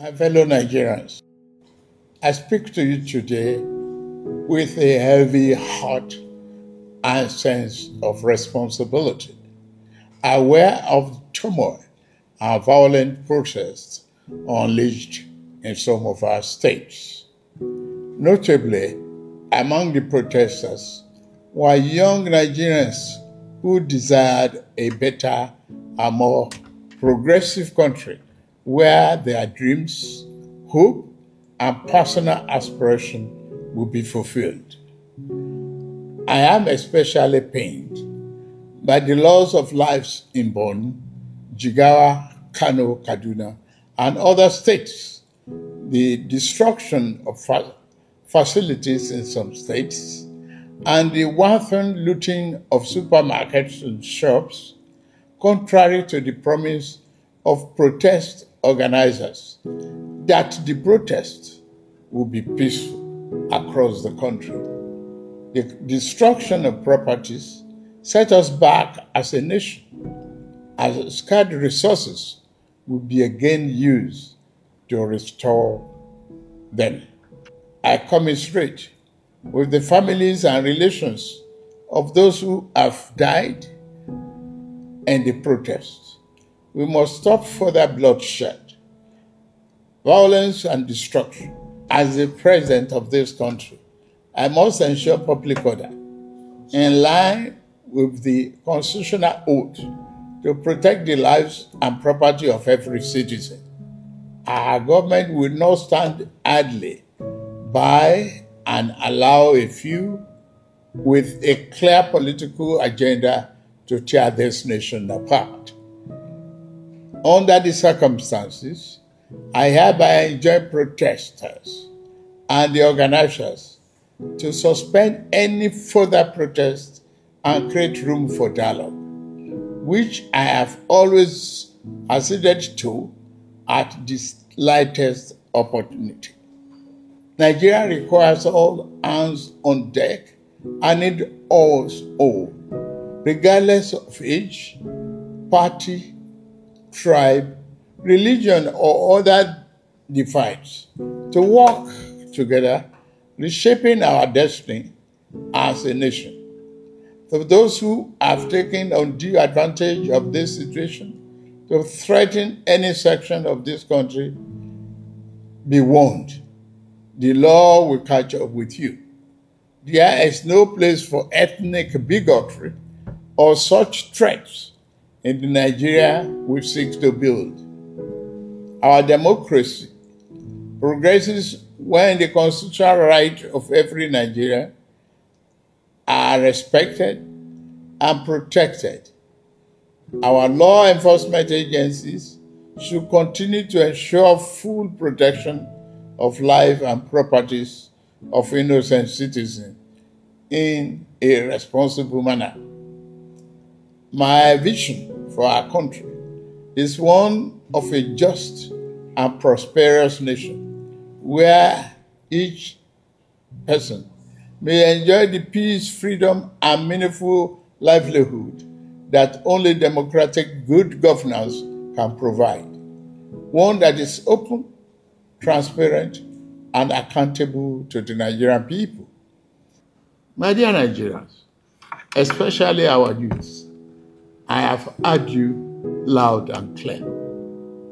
My fellow Nigerians, I speak to you today with a heavy heart and sense of responsibility, aware of the turmoil and violent protests unleashed in some of our states. Notably, among the protesters were young Nigerians who desired a better and more progressive country where their dreams, hope, and personal aspiration will be fulfilled. I am especially pained by the loss of lives in Bonn, Jigawa, Kano, Kaduna, and other states, the destruction of fa facilities in some states, and the wanton looting of supermarkets and shops, contrary to the promise of protest organizers that the protest will be peaceful across the country. The destruction of properties set us back as a nation, as scarce resources will be again used to restore them. I commiserate with the families and relations of those who have died in the protests we must stop further bloodshed, violence, and destruction. As the president of this country, I must ensure public order in line with the constitutional oath to protect the lives and property of every citizen. Our government will not stand idly by and allow a few with a clear political agenda to tear this nation apart. Under the circumstances, I hereby enjoin protesters and the organizers to suspend any further protest and create room for dialogue, which I have always acceded to at the slightest opportunity. Nigeria requires all hands on deck and it all's all, regardless of age, party, tribe, religion, or other divides to work together, reshaping our destiny as a nation. For those who have taken undue advantage of this situation to threaten any section of this country, be warned. The law will catch up with you. There is no place for ethnic bigotry or such threats in the Nigeria we seek to build. Our democracy progresses when the constitutional rights of every Nigerian are respected and protected. Our law enforcement agencies should continue to ensure full protection of life and properties of innocent citizens in a responsible manner. My vision for our country is one of a just and prosperous nation where each person may enjoy the peace, freedom, and meaningful livelihood that only democratic good governance can provide. One that is open, transparent, and accountable to the Nigerian people. My dear Nigerians, especially our youth, I have heard you loud and clear.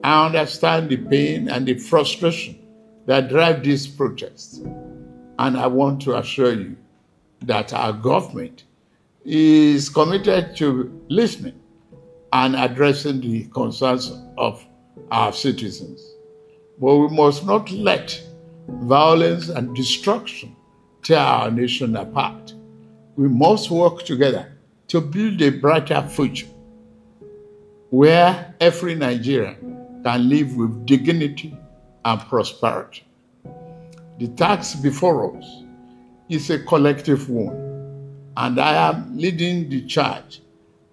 I understand the pain and the frustration that drive these protests. And I want to assure you that our government is committed to listening and addressing the concerns of our citizens. But we must not let violence and destruction tear our nation apart. We must work together to build a brighter future where every Nigerian can live with dignity and prosperity. The task before us is a collective one, and I am leading the charge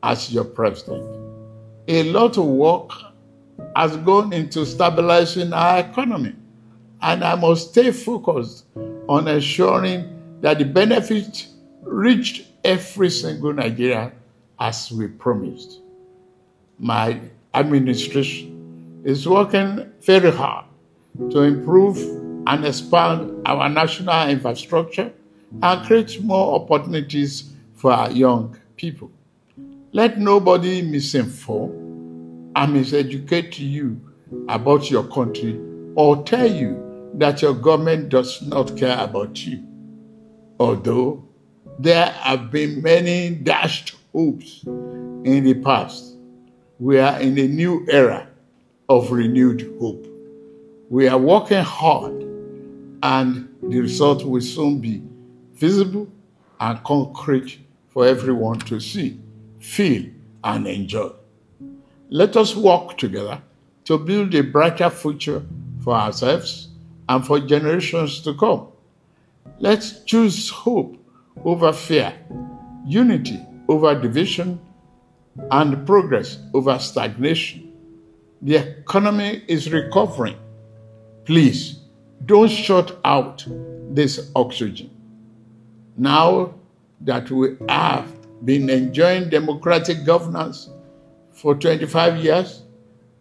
as your president. A lot of work has gone into stabilizing our economy, and I must stay focused on ensuring that the benefits reached every single Nigeria, as we promised. My administration is working very hard to improve and expand our national infrastructure and create more opportunities for our young people. Let nobody misinform and miseducate you about your country or tell you that your government does not care about you. Although there have been many dashed hopes in the past. We are in a new era of renewed hope. We are working hard, and the result will soon be visible and concrete for everyone to see, feel, and enjoy. Let us work together to build a brighter future for ourselves and for generations to come. Let's choose hope over fear, unity over division, and progress over stagnation. The economy is recovering. Please don't shut out this oxygen. Now that we have been enjoying democratic governance for 25 years,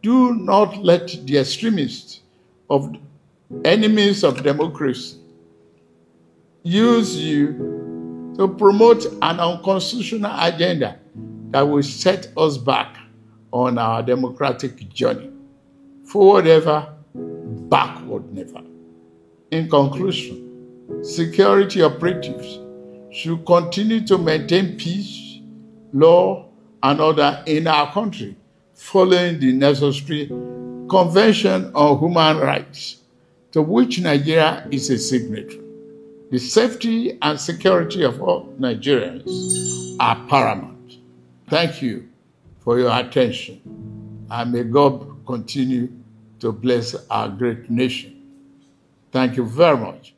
do not let the extremists of enemies of democracy use you to promote an unconstitutional agenda that will set us back on our democratic journey. Forward ever, backward never. In conclusion, security operatives should continue to maintain peace, law, and order in our country, following the necessary Convention on Human Rights, to which Nigeria is a signatory. The safety and security of all Nigerians are paramount. Thank you for your attention, and may God continue to bless our great nation. Thank you very much.